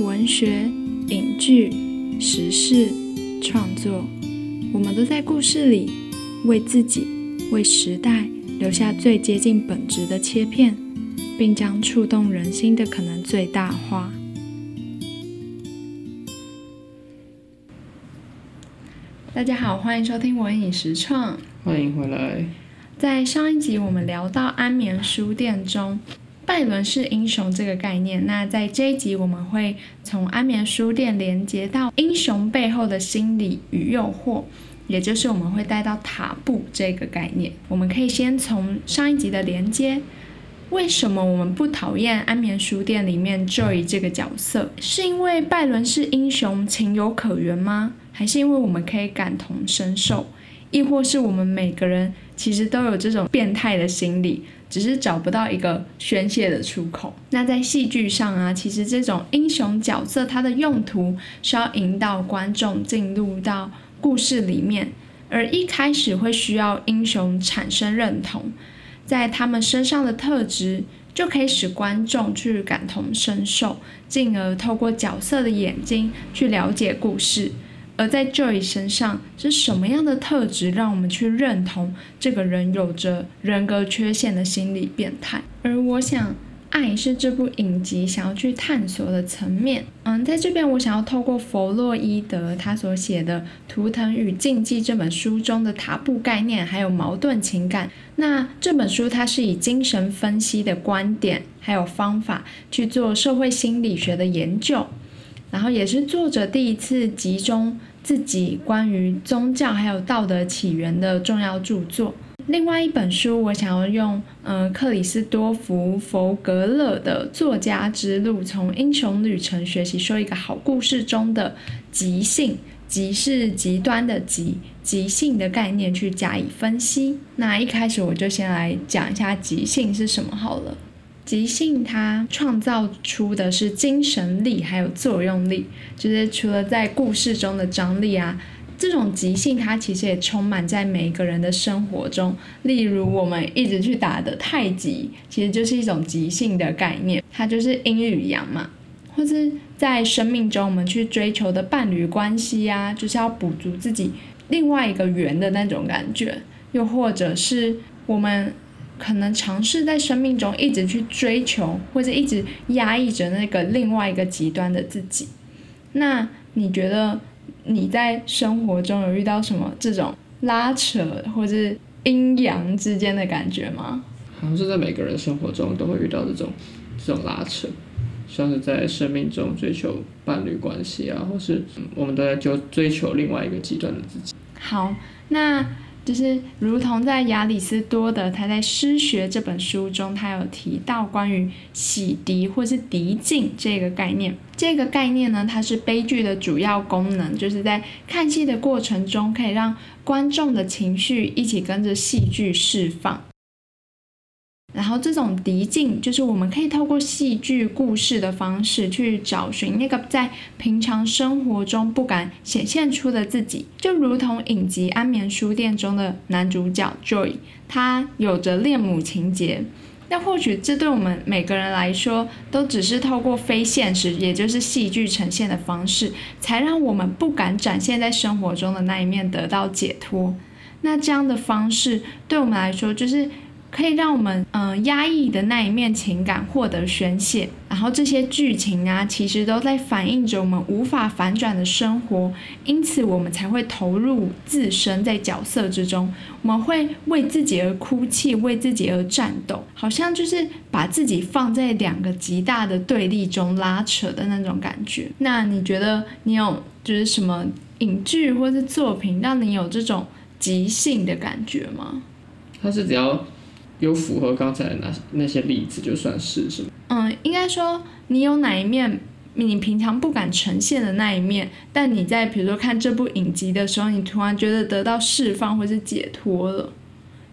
文學、影劇、時事、創作，我們都在故事裡為自己、為時代留下最接近本質的切片，並將觸動人心的可能最大化。大家好，歡迎收聽《文影時創》，歡迎回來。在上一集，我們聊到安眠書店中拜倫式英雄這個概念，那在這一集我們會從安眠書店連接到英雄背後的心理與誘惑，也就是我們會帶到塔布這個概念。我們可以先從上一集的連接，為什麼我們不討厭安眠書店裡面 Joe 這個角色？是因為拜倫式英雄情有可原嗎？還是因為我們可以感同身受，抑或是我們每個人？其實都有這種變態的心理，只是找不到一個宣洩的出口。那在戲劇上啊，其實這種英雄角色它的用途是要引導觀眾進入到故事裡面，而一開始會需要英雄產生認同，在他們身上的特質就可以使觀眾去感同身受，進而透過角色的眼睛去了解故事。而在 Joe 身上是什麼樣的特質，讓我們去認同這個人有着人格缺陷的心理變態？而我想，愛是這部影集想要去探索的層面。嗯，在這邊我想要透過佛洛依德他所寫的《圖騰與禁忌》這本書中的塔布概念，還有矛盾情感。那這本書它是以精神分析的觀點還有方法去做社會心理學的研究，然後也是作者第一次集中自己關於宗教還有道德起源的重要著作。另外一本書，我想要用，嗯、呃，克里斯多夫·弗格勒的《作家之路：從英雄旅程學習說一個好故事》中的“極性，即是極端的極，極性的概念”去加以分析。那一開始，我就先來講一下“極性”是什麼好了。極性，它創造出的是精神力，還有作用力，就是除了在故事中的張力啊，這種極性它其實也充滿在每一個人的生活中。例如，我們一直去打的太極，其實就是一種極性的概念，它就是陰與陽嘛。或是在生命中，我們去追求的伴侶關係啊，就是要補足自己另外一個圓的那種感覺。又或者是我們。可能嘗試在生命中一直去追求，或者一直壓抑着那個另外一個極端的自己。那你覺得你在生活中有遇到什麼這種拉扯，或者陰陽之間的感覺嗎？好像是在每個人生活中都會遇到這種這種拉扯，像是在生命中追求伴侶關係啊，或是我們都在就追求另外一個極端的自己。好，那。就是如同在亞里斯多德他在《詩學》這本書中，他有提到關於洗滌或是滌淨這個概念。這個概念呢，它是悲劇的主要功能，就是在看戲的過程中，可以讓觀眾的情緒一起跟着戲劇釋放。然後這種敵境，就是我們可以透過戲劇故事的方式去找尋那個在平常生活中不敢顯現出的自己，就如同影集《安眠書店》中的男主角 Joe，他有着戀母情結。那或許這對我們每個人來說，都只是透過非現實，也就是戲劇呈現的方式，才讓我們不敢展現在生活中的那一面得到解脫。那這樣的方式對我們來說，就是。可以讓我們嗯呃壓抑的那一面情感獲得宣泄，然後這些劇情啊，其實都在反映着我們無法反轉的生活，因此我們才會投入自身在角色之中，我們會為自己而哭泣，為自己而戰鬥，好像就是把自己放在兩個極大的對立中拉扯的那種感覺。那你覺得你有就是什麼影劇或是作品讓你有這種即興的感覺嗎？它是只要。有符合剛才那那些例子，就算是什麼？嗯，應該說，你有哪一面，你平常不敢呈現的那一面，但你在比如說看這部影集的時候，你突然覺得得到釋放或是解脫了，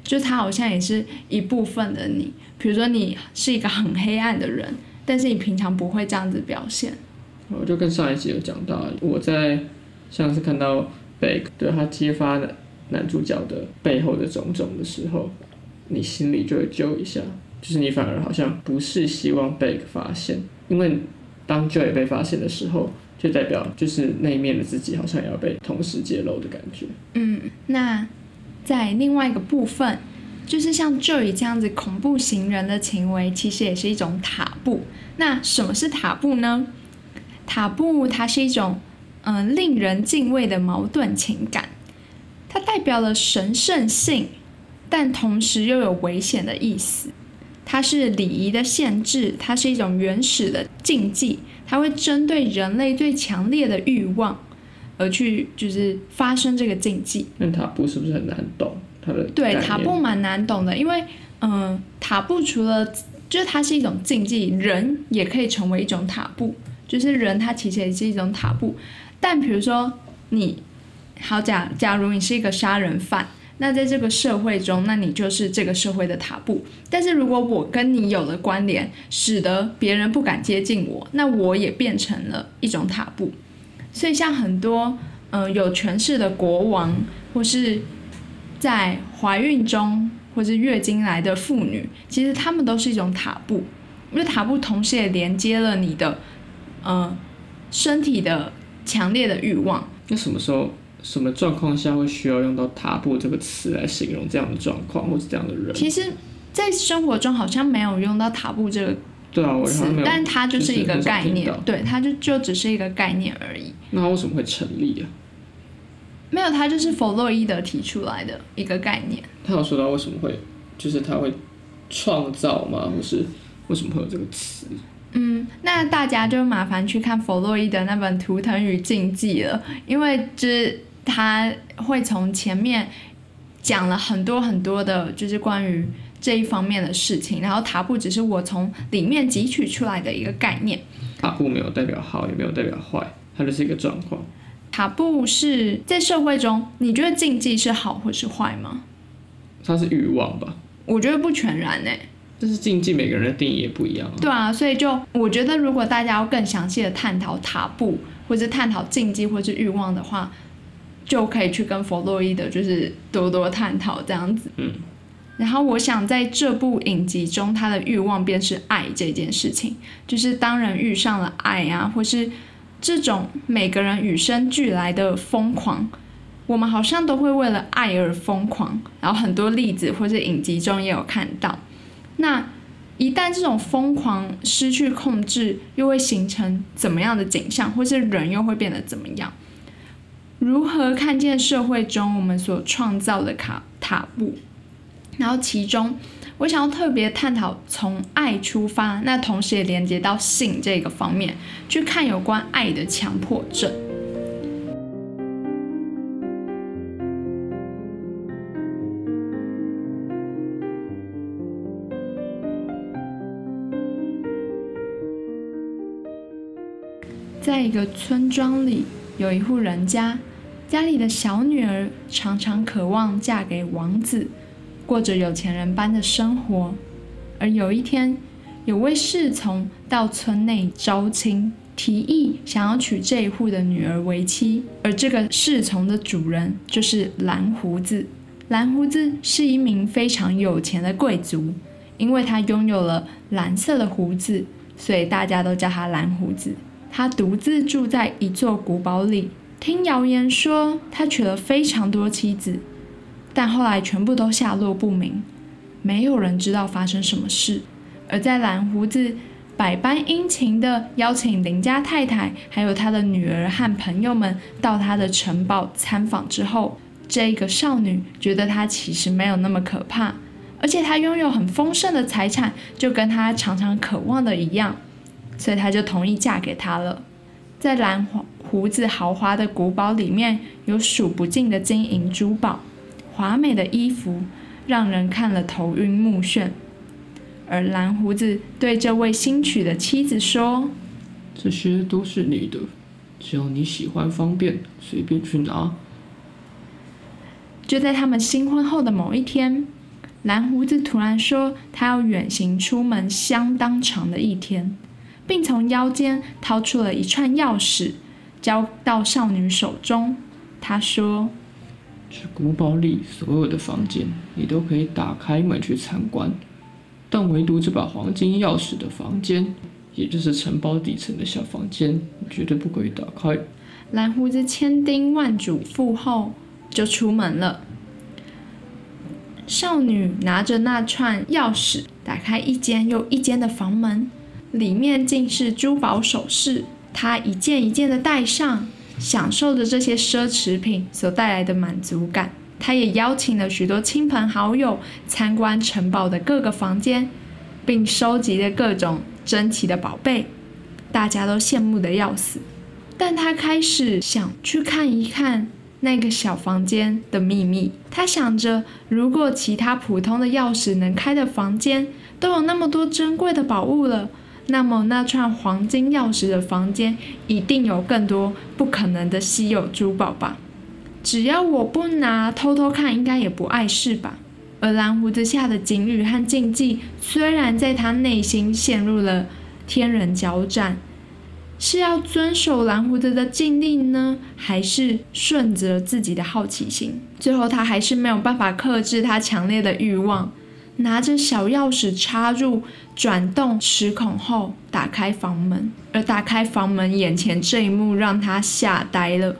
就他好像也是一部分的你。比如說你是一個很黑暗的人，但是你平常不會這樣子表現。我就跟上一集有講到，我在像是看到貝克對他揭發男男主角的背後的種種的時候，你心裡就會揪一下，就是你反而好像不是希望被發現，因為當 Joe 被發現的時候，就代表就是那一面的自己好像也要被同時揭露的感覺。嗯，那在另外一個部分，就是像 Joe 這樣子恐怖情人的行為，其實也是一種塔布。那什麼是塔布呢？塔布它是一種嗯、呃、令人敬畏的矛盾情感，它代表了神聖性。但同時又有危險的意思，它是禮儀的限制，它是一種原始的禁忌，它會針對人類最強烈的慾望而去，就是發生這個禁忌。那塔布是不是很難懂？它的概念。對塔布蠻難懂的，因為嗯、呃，塔布除了就是它是一種禁忌，人也可以成為一種塔布，就是人他其實也是一種塔布。但比如說你好假，假假如你是一個殺人犯。那在這個社會中，那你就是這個社會的塔布。但是如果我跟你有了關聯，使得別人不敢接近我，那我也變成了一種塔布。所以，像很多嗯、呃、有權勢的國王，或是，在懷孕中或是月經來的婦女，其實他們都是一種塔布，因為塔布同時也連接了你的嗯、呃、身體的強烈的慾望。那什麼時候？什麼狀況下會需要用到塔布這個詞來形容這樣的狀況或者這樣的人？其實，在生活中好像沒有用到塔布這個詞。對啊，我認為，但它就是一個概念。就是、對，它就就只是一個概念而已。那他為什麼會成立啊？沒有，它就是弗洛伊德提出來的一個概念。他有說到為什麼會，就是他會創造嗎？或是為什麼會有這個詞？嗯，那大家就麻煩去看弗洛伊德那本《圖騰與禁忌》了，因為之、就是。他會從前面講了很多很多的，就是關於這一方面的事情。然後塔布只是我從裡面汲取出來的一個概念。塔布沒有代表好，也沒有代表壞，它就是一個狀況。塔布是在社會中，你覺得禁忌是好或是壞嗎？它是慾望吧？我覺得不全然誒、欸。就是禁忌每個人的定義也不一樣、啊。對啊，所以就我覺得，如果大家要更詳細的探討塔布，或是探討禁忌或是慾望的話。就可以去跟佛洛依德，就是多多探討這樣子，嗯，然後我想在這部影集中，他的欲望，便是愛這件事情，就是當人遇上了愛啊，或是這種每個人與生俱來的瘋狂，我們好像都會為了愛而瘋狂，然後很多例子或是影集中也有看到，那一旦這種瘋狂失去控制，又會形成怎麼樣的景象，或是人又會變得怎麼樣？如何看見社會中我們所創造的卡塔布？然後其中，我想要特別探討從愛出發，那同時也連接到性這個方面，去看有關愛的強迫症。在一個村莊裡，有一戶人家。家裡的小女兒常常渴望嫁給王子，過着有錢人般的生活。而有一天，有位侍從到村內招親，提議想要娶這一戶的女兒為妻。而這個侍從的主人就是藍鬍子。藍鬍子是一名非常有錢的貴族，因為他擁有了藍色的鬍子，所以大家都叫他藍鬍子。他獨自住在一座古堡裡。聽謠言說，他娶了非常多妻子，但後來全部都下落不明，沒有人知道發生什麼事。而在藍鬍子百般殷勤的邀請鄰家太太，還有他的女兒和朋友們到他的城堡參訪之後，這個少女覺得他其實沒有那麼可怕，而且他擁有很豐盛的財產，就跟他常常渴望的一樣，所以他就同意嫁給他了。在藍鬍鬍子豪華的古堡裡面有數不盡的金銀珠寶、華美的衣服，讓人看了頭暈目眩。而藍鬍子對這位新娶的妻子說：“這些都是你的，只要你喜歡，方便隨便去拿。”就在他們新婚後的某一天，藍鬍子突然說他要遠行出門相當長的一天，並從腰間掏出了一串鑰匙。交到少女手中，她說：“這古堡裡所有的房間你都可以打開門去參觀，但唯獨這把黃金鑰匙的房間，也就是城堡底層的小房間，絕對不可以打開。”藍鬍子千叮萬囑咐後就出門了。少女拿着那串鑰匙，打開一間又一間的房門，裡面竟是珠寶首飾。他一件一件的戴上，享受着這些奢侈品所帶來的滿足感。他也邀請了許多親朋好友參觀城堡的各個房間，並收集着各種珍奇的寶貝，大家都羨慕得要死。但他開始想去看一看那個小房間的秘密。他想着，如果其他普通的鑰匙能開的房間都有那麼多珍貴的寶物了。那麼，那串黃金鑰匙的房間一定有更多不可能的稀有珠寶吧？只要我不拿，偷偷看應該也不礙事吧？而藍鬍子下的警語和禁忌，雖然在他內心陷入了天人交戰，是要遵守藍鬍子的，的禁令呢，還是順着自己的好奇心？最後，他還是沒有辦法克制他強烈的慾望。拿着小鑰匙插入，轉動齒孔後，打開房門。而打開房門，眼前這一幕讓他嚇呆了：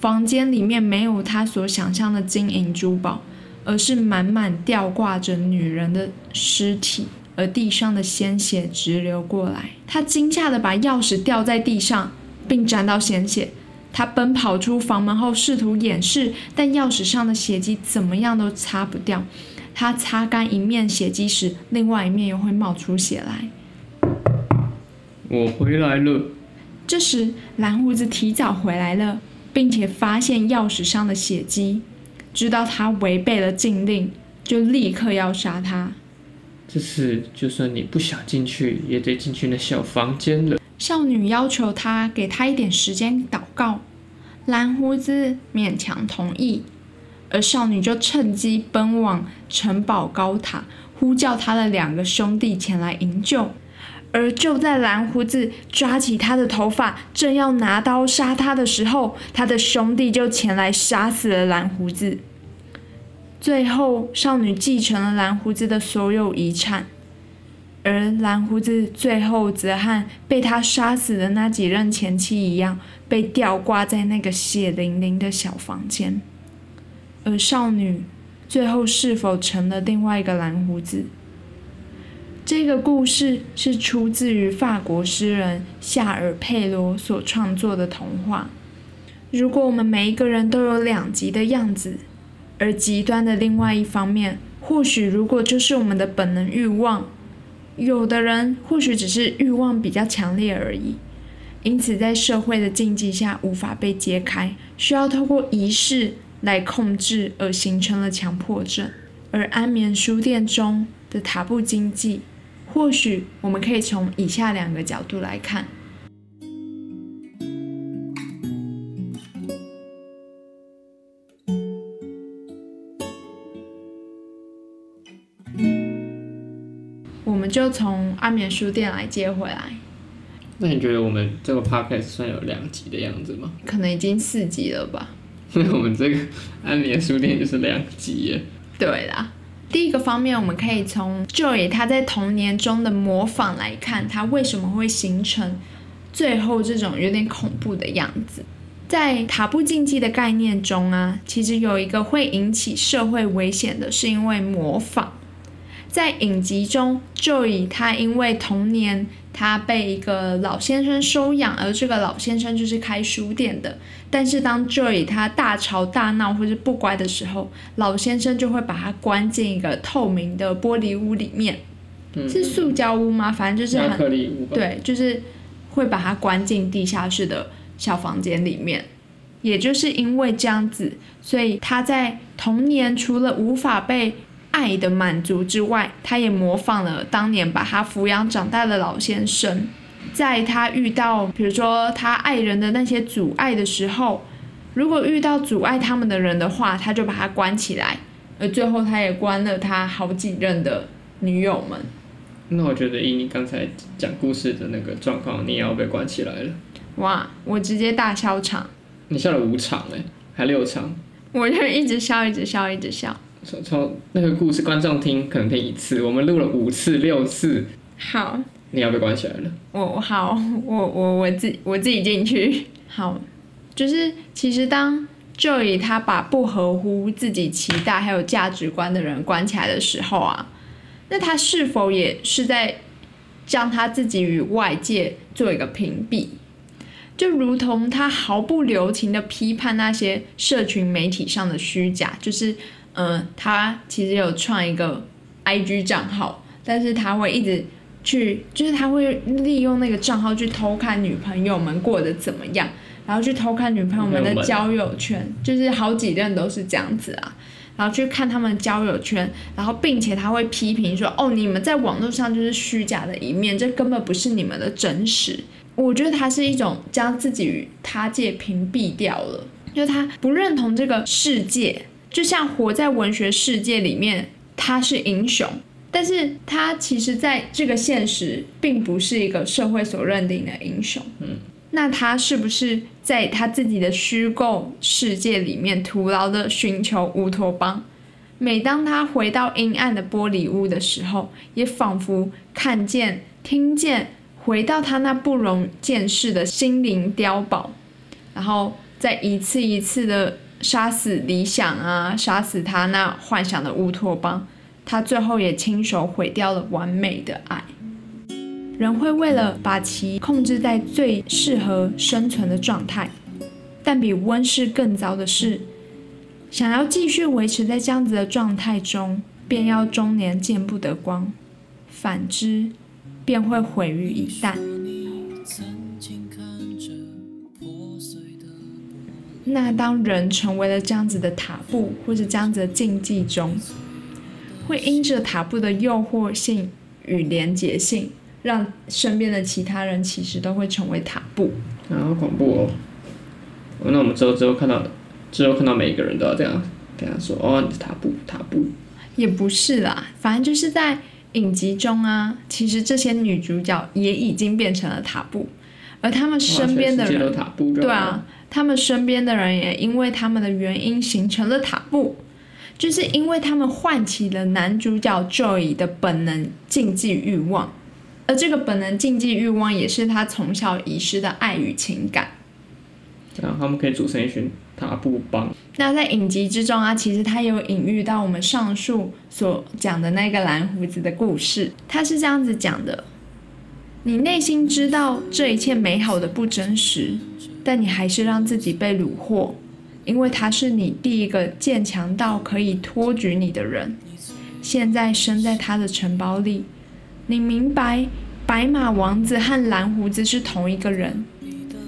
房間裡面沒有他所想象的金銀珠寶，而是滿滿吊掛着女人的屍體，而地上的鮮血直流過來。他驚嚇地把鑰匙掉在地上，並沾到鮮血。他奔跑出房門後，試圖掩飾，但鑰匙上的血跡怎麼樣都擦不掉。他擦乾一面血跡時，另外一面又會冒出血來。我回來了。這時，藍鬍子提早回來了，並且發現鑰匙上的血跡，知道他違背了禁令，就立刻要殺他。這次就算你不想進去，也得進去那小房間了。少女要求他給他一點時間禱告，藍鬍子勉強同意。而少女就趁機奔往城堡高塔，呼叫她的兩個兄弟前來營救。而就在藍鬍子抓起她的頭髮，正要拿刀殺她的時候，她的兄弟就前來殺死了藍鬍子。最後，少女繼承了藍鬍子的所有遺產，而藍鬍子最後則和被他殺死的那幾任前妻一樣，被吊掛在那個血淋淋的小房間。而少女最後是否成了另外一個藍鬍子？這個故事是出自於法國詩人夏爾佩羅所創作的童話。如果我們每一個人都有兩極的樣子，而極端的另外一方面，或許如果就是我們的本能慾望，有的人或許只是慾望比較強烈而已，因此在社會的禁忌下無法被揭開，需要透過儀式。來控制而形成了強迫症，而安眠書店中的塔布禁忌，或許我們可以從以下兩個角度來看。我們就從安眠書店來接回來。那你覺得我們這個 podcast 算有兩集的樣子嗎？可能已經四集了吧。所以，我們這個安眠書店就是兩集耶。對啦，第一個方面，我們可以從 Joe 他在童年中的模仿來看，他為什麼會形成最後這種有點恐怖的樣子。在塔布禁忌的概念中啊，其實有一個會引起社會危險的，是因為模仿。在影集中，Joe 他因為童年，他被一個老先生收養，而這個老先生就是開書店的。但是當 Joe 他大吵大鬧或者不乖的時候，老先生就會把他關進一個透明的玻璃屋裡面，嗯、是塑膠屋嗎？反正就是很對，就是會把他關進地下室的小房間裡面。也就是因為這樣子，所以他在童年除了無法被。愛的滿足之外，他也模仿了當年把他撫養長大的老先生。在他遇到比如說他愛人的那些阻礙的時候，如果遇到阻礙他們的人的話，他就把他關起來。而最後，他也關了他好幾任的女友們。那我覺得，以你剛才講故事的那個狀況，你也要被關起來了。哇！我直接大笑場。你笑了五場哎，還六場。我就一直笑，一直笑，一直笑。從從那個故事，觀眾聽可能聽一次，我們錄了五次六次。好，你要被關起來了。我好，我我我，我，我自我自己進去。好，就是其實當 Joe 他把不合乎自己期待還有價值觀的人關起來的時候啊，那他是否也是在將他自己與外界做一個屏蔽？就如同他毫不留情地批判那些社群媒體上的虛假，就是。嗯，他其實有創一個 IG 賬號，但是他會一直去，就是他會利用那個賬號去偷看女朋友們過得怎麼樣，然後去偷看女朋友們的交友圈，友就是好幾任都是這樣子啊，然後去看他們交友圈，然後並且他會批評說，哦，你們在網絡上就是虛假的一面，這根本不是你們的真實。我覺得他是一種將自己與他界屏蔽掉了，就他不認同這個世界。就像活在文學世界裡面，他是英雄，但是他其實在這個現實並不是一個社會所認定的英雄。嗯，那他是不是在他自己的虛構世界裡面徒勞的尋求烏托邦？每當他回到陰暗的玻璃屋的時候，也仿佛看見、聽見，回到他那不容見視的心靈碉堡，然後再一次一次的。殺死理想啊！殺死他那幻想的烏托邦，他最後也親手毀掉了完美的愛。人會為了把其控制在最適合生存的狀態，但比溫室更糟的是，想要繼續維持在這樣子的狀態中，便要終年見不得光；反之，便會毀於一旦。那當人成為了這樣子的塔布或者這樣子的禁忌中，會因着塔布的誘惑性與連結性，讓身邊的其他人其實都會成為塔布。啊，好恐怖哦，哦！那我們之後之後看到的，之後看到每一個人都要這樣，跟他說哦，你是塔布，塔布。也不是啦，反正就是在影集中啊，其實這些女主角也已經變成了塔布，而他們身邊的人，塔布，對啊。他們身邊的人也因為他們的原因形成了塔布，就是因為他們喚起了男主角 Joe 的本能禁忌慾望，而這個本能禁忌慾望也是他從小遺失的愛與情感。然、啊、後他們可以組成一群塔布幫。那在影集之中啊，其實他有隱喻到我們上述所講的那個藍鬍子的故事，他是這樣子講的：你內心知道這一切美好的不真實。但你還是讓自己被虜獲，因為他是你第一個堅強到可以托舉你的人。現在身在他的城堡裡，你明白，白馬王子和藍鬍子是同一個人。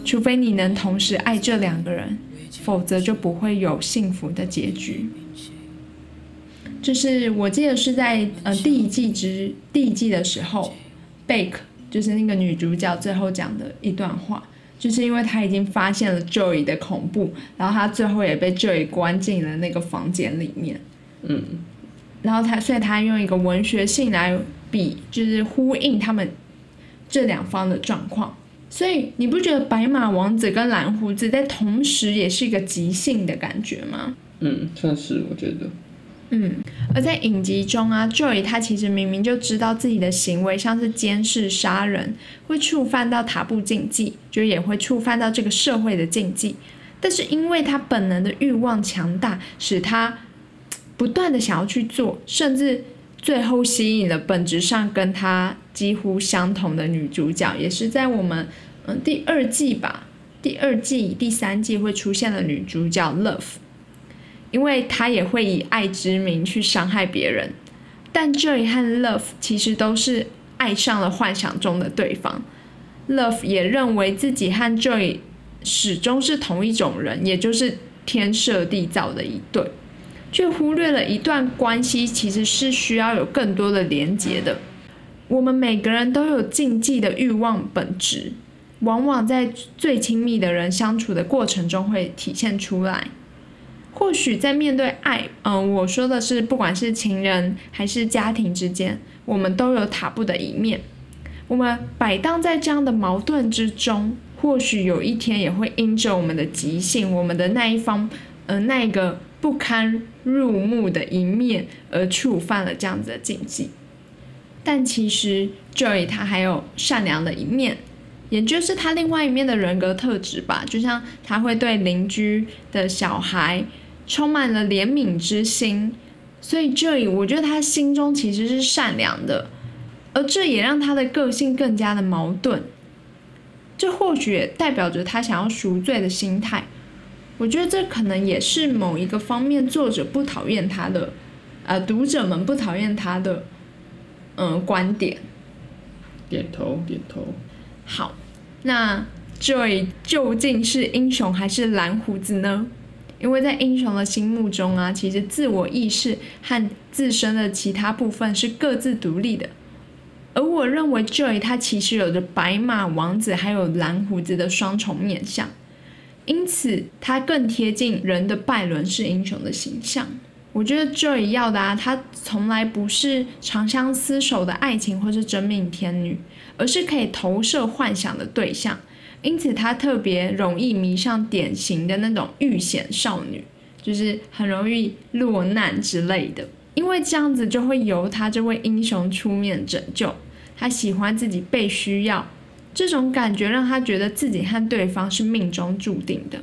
除非你能同時愛這兩個人，否則就不會有幸福的結局。這、就是我記得是在呃第一季之，第一季的時候，Beck 就是那個女主角最後講的一段話。就是因為他已經發現了 Joe 的恐怖，然後他最後也被 Joe 關進了那個房間裡面。嗯，然後他，所以他用一個文學性來比，就是呼應他們這兩方的狀況。所以你不覺得白馬王子跟藍鬍子在同時也是一個即興的感覺嗎？嗯，算是我覺得。嗯，而在影集中啊，Joe 她其實明明就知道自己的行為像是監視、殺人，會觸犯到塔布禁忌，就也會觸犯到這個社會的禁忌。但是因為她本能的慾望強大，使她不斷的想要去做，甚至最後吸引了本質上跟她幾乎相同的女主角，也是在我們嗯第二季吧，第二季、第三季會出現的女主角 Love。因為他也會以愛之名去傷害別人，但 Joe 和 Love 其實都是愛上了幻想中的對方。Love 也認為自己和 Joe 始終是同一種人，也就是天設地造的一對，卻忽略了一段關係其實是需要有更多的連接的。我們每個人都有禁忌的欲望本質，往往在最親密的人相處的過程中會體現出來。或許在面對愛，嗯，我說的是，不管是情人還是家庭之間，我們都有塔布的一面。我們擺盪在這樣的矛盾之中，或許有一天也會因着我們的急性，我們的那一方，嗯，那個不堪入目的一面而觸犯了這樣子的禁忌。但其實 Joe 他還有善良的一面，也就是他另外一面的人格特質吧，就像他會對鄰居的小孩，充滿了憐憫之心，所以 Joe 我覺得他心中其實是善良的，而這也讓他的個性更加的矛盾。這或許也代表着他想要贖罪的心態。我覺得這可能也是某一個方面作者不討厭他的，呃，讀者們不討厭他的，嗯、呃，觀點。點頭，點頭。好，那 Joe 究竟是英雄還是藍鬍子呢？因為在英雄的心目中啊，其實自我意識和自身的其他部分是各自獨立的。而我認為 Joe 他其實有着白馬王子還有藍鬍子的雙重面相，因此他更貼近人的拜倫式英雄的形象。我覺得 Joe 要的啊，他從來不是長相廝守的愛情或是真命天女，而是可以投射幻想的對象。因此，他特別容易迷上典型的那種遇險少女，就是很容易落難之類的。因為這樣子就會由他這位英雄出面拯救。他喜歡自己被需要，這種感覺讓他覺得自己和對方是命中注定的。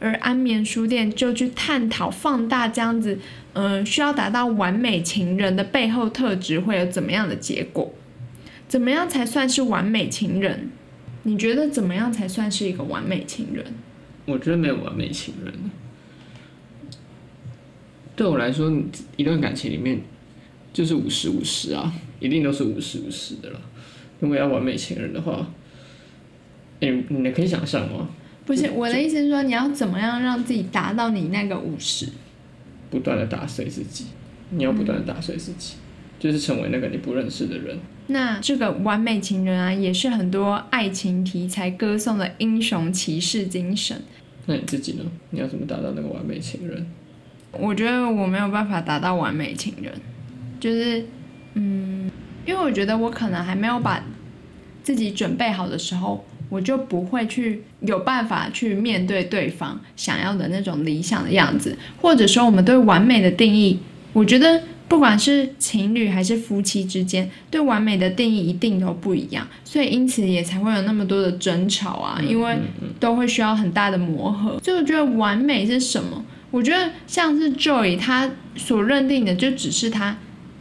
而安眠書店就去探討放大這樣子，嗯、呃，需要達到完美情人的背後特質會有怎麼樣的結果？怎麼樣才算是完美情人？你覺得怎麼樣才算是一個完美情人？我覺得沒有完美情人。對我來說，一段感情裡面就是五十五十啊，一定都是五十五十的了。如果要完美情人的話，你、欸、你可以想象哦。不是，我的意思是說，你要怎麼樣讓自己達到你那個五十？不斷的打碎自己，你要不斷的打碎自己、嗯，就是成為那個你不認識的人。那這個完美情人啊，也是很多愛情題材歌頌的英雄騎士精神。那你自己呢？你要怎麼達到那個完美情人？我覺得我沒有辦法達到完美情人，就是，嗯，因為我覺得我可能還沒有把自己準備好的時候，我就不會去有辦法去面對對方想要的那種理想的樣子，或者說我們對完美的定義，我覺得。不管是情侶還是夫妻之間，對完美的定義一定都不一樣，所以因此也才會有那麼多的爭吵啊，因為都會需要很大的磨合。就、嗯嗯嗯、我覺得完美是什麼？我覺得像是 Joe 他所認定的，就只是他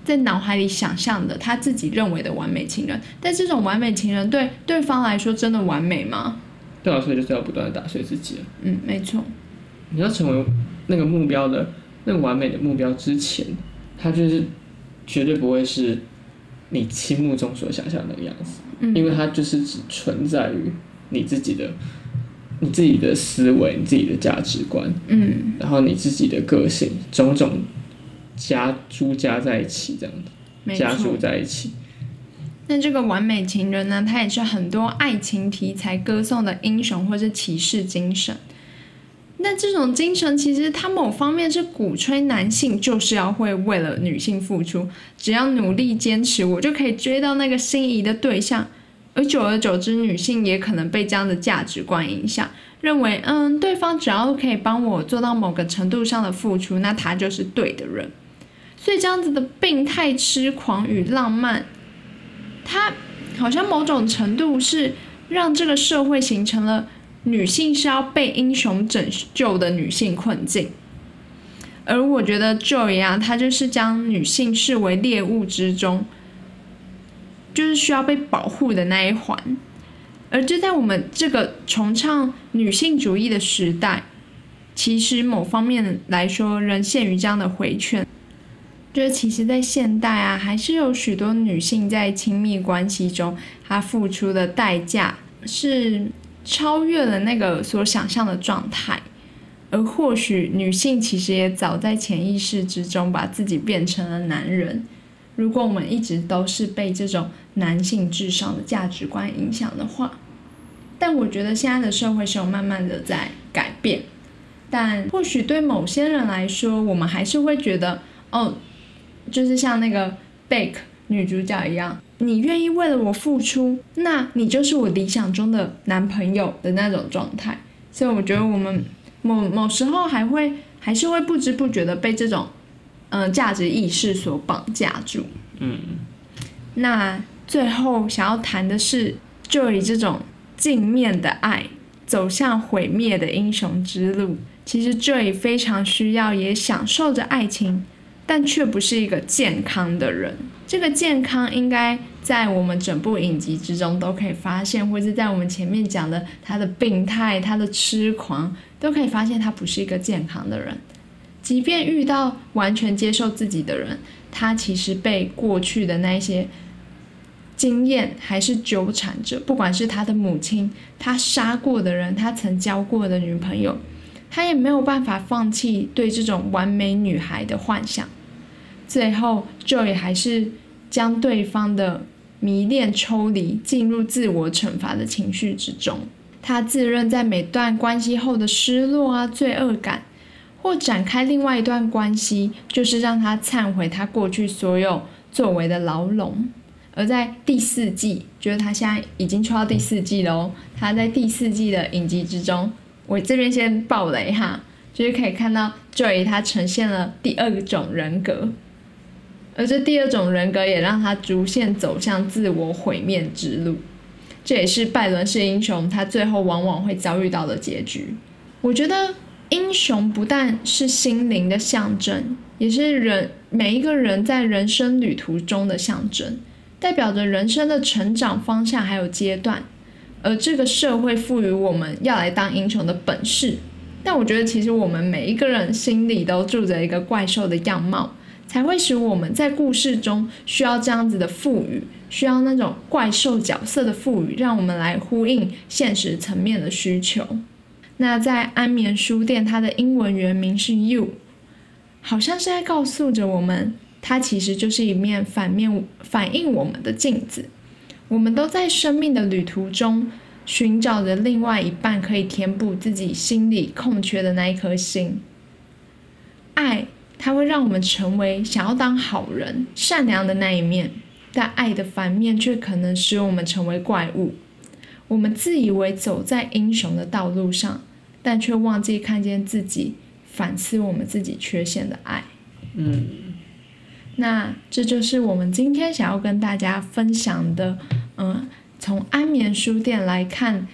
在腦海裡想象的他自己認為的完美情人，但這種完美情人對對方來說真的完美嗎？對啊，所以就是要不斷的打碎自己。嗯，沒錯。你要成為那個目標的那個完美的目標之前。它就是絕對不會是你心目中所想象的樣子。嗯，因為它就是只存在於你自己的、你自己的思維、你自己的價值觀，嗯，然後你自己的個性種種加諸加在一起這樣的，加諸在一起。那這個完美情人呢？他也是很多愛情題材歌頌的英雄或者騎士精神。那這種精神其實，它某方面是鼓吹男性就是要會為了女性付出，只要努力堅持，我就可以追到那個心儀的對象。而久而久之，女性也可能被這樣的價值觀影響，認為，嗯，對方只要可以幫我做到某個程度上的付出，那他就是對的人。所以這樣子的病態癡狂與浪漫，他好像某種程度是讓這個社會形成了，女性是要被英雄拯救的，女性困境，而我覺得 Joe 啊，她就是將女性視為獵物之中，就是需要被保護的那一環。而就在我們這個崇尚女性主義的時代，其實某方面來說仍陷於這樣的迴圈。就是其實，在現代啊，還是有許多女性在親密關係中，她付出的代價是超越了那個所想象的狀態，而或許女性其實也早在潛意識之中把自己變成了男人。如果我們一直都是被這種男性至上的價值觀影響的話，但我覺得現在的社會是有慢慢的在改變，但或許對某些人來說，我們還是會覺得，哦，就是像那個 Bake 女主角一樣。你願意為了我付出，那你就是我理想中的男朋友的那種狀態。所以我覺得我們某某時候還會還是會不知不覺的被這種，嗯、呃，價值意識所綁架住。嗯，那最後想要談的是 Joe 這種鏡面的愛走向毀滅的英雄之路。其實 Joe 非常需要也享受着愛情，但卻不是一個健康的人。這個健康應該。在我們整部影集之中都可以發現，或者是在我們前面講的他的病態、他的痴狂，都可以發現他不是一個健康的人。即便遇到完全接受自己的人，他其實被過去的那些經驗還是糾纏着，不管是他的母親、他殺過的人、他曾交過的女朋友，他也沒有辦法放棄對這種完美女孩的幻想。最後，Joe 還是將對方的。迷戀抽離、抽離，進入自我懲罰的情緒之中，他自認在每段關係後的失落啊、罪惡感，或展開另外一段關係，就是讓他懺悔他過去所有作為的牢籠。而在第四季，就是他現在已經出到第四季嘍。他在第四季的影集之中，我這邊先爆雷哈，就是可以看到 Joe 他呈現了第二種人格。而這第二種人格也讓他逐漸走向自我毀滅之路，這也是拜倫式英雄他最後往往會遭遇到的結局。我覺得英雄不但是心靈的象徵，也是人每一個人在人生旅途中的象徵，代表着人生的成長方向還有階段。而這個社會賦予我們要來當英雄的本事，但我覺得其實我們每一個人心裡都住着一個怪獸的樣貌。才會使我們在故事中需要這樣子的賦予，需要那種怪獸角色的賦予，讓我們來呼應現實層面的需求。那在安眠書店，它的英文原名是 You，好像是在告訴着我們，它其實就是一面反面反映我們的鏡子。我們都在生命的旅途中尋找着另外一半，可以填補自己心裡空缺的那一顆心，愛。它會讓我們成為想要當好人、善良的那一面，但愛的反面卻可能使我們成為怪物。我們自以為走在英雄的道路上，但卻忘記看見自己，反思我們自己缺陷的愛。嗯，那這就是我們今天想要跟大家分享的。嗯、呃，從安眠書店來看。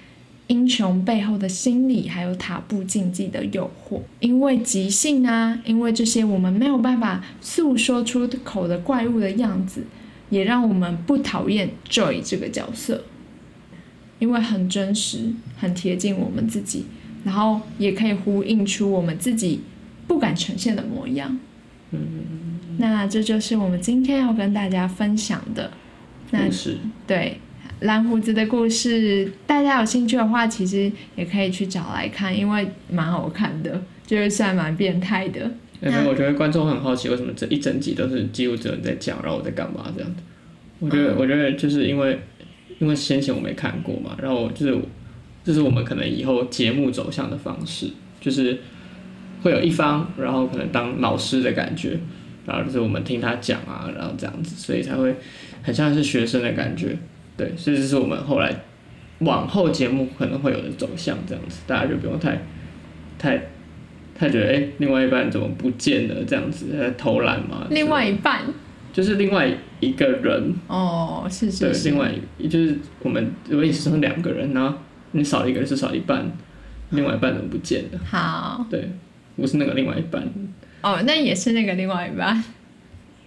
英雄背後的心理，還有塔布禁忌的誘惑，因為即興啊，因為這些我們沒有辦法訴說出口的怪物的樣子，也讓我們不討厭 Joe 這個角色，因為很真實，很貼近我們自己，然後也可以呼應出我們自己不敢呈現的模樣。嗯，嗯，嗯，嗯，那這就是我們今天要跟大家分享的。是那是。對。藍鬍子的故事，大家有興趣的話，其實也可以去找來看，因為蠻好看的，就是算蠻變態的、欸。我覺得觀眾很好奇，為什麼這一整集都是記錄者在講，然後我在幹嘛這樣子？我覺得，我覺得就是因為，嗯、因為先前我沒看過嘛，然後就是，這、就是我們可能以後節目走向的方式，就是會有一方，然後可能當老師的感覺，然後就是我們聽他講啊，然後這樣子，所以才會很像是學生的感覺。對，所以這是我們後來，往後節目可能會有的走向這樣子，大家就不用太，太，太覺得哎，另外一半怎麼不見了這樣子，偷懶嘛。另外一半，就是另外一個人。哦，是，是，是，是另外一，就是我們，我意思是說兩個人，然後你少一個人是少一半，另外一半怎麼不見了，哦？好。對，不是那個另外一半。哦，那也是那個另外一半。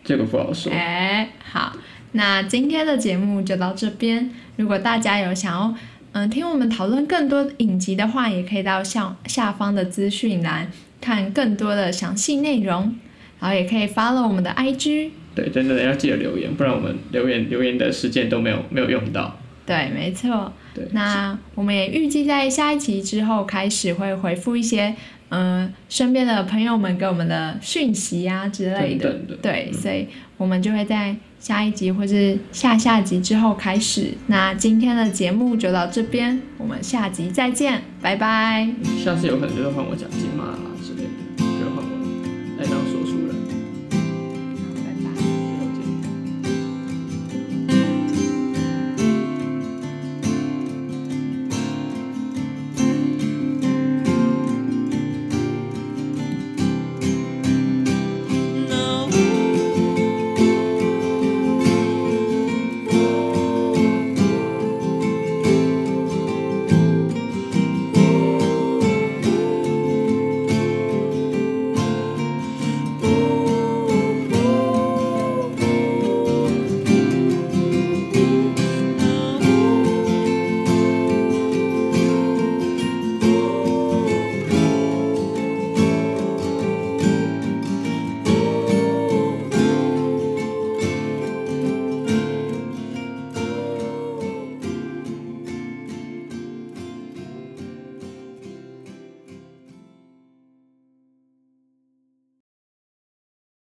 這個不好說。哎，好。那今天的節目就到這邊。如果大家有想要嗯聽我們討論更多影集的話，也可以到下下方的資訊欄看更多的詳細內容，然後也可以 follow 我們的 IG。對，真的要記得留言，不然我們留言留言的時間都沒有沒有用到。對，沒錯。那我們也預計在下一期之後開始會回復一些嗯身邊的朋友們給我們的訊息啊之類的。等等的對、嗯，所以我們就會在。下一集或是下下集之後開始，那今天的節目就到這邊，我們下集再見，拜拜。下次有可能就會換我講金馬之類的，就換我來當說書人。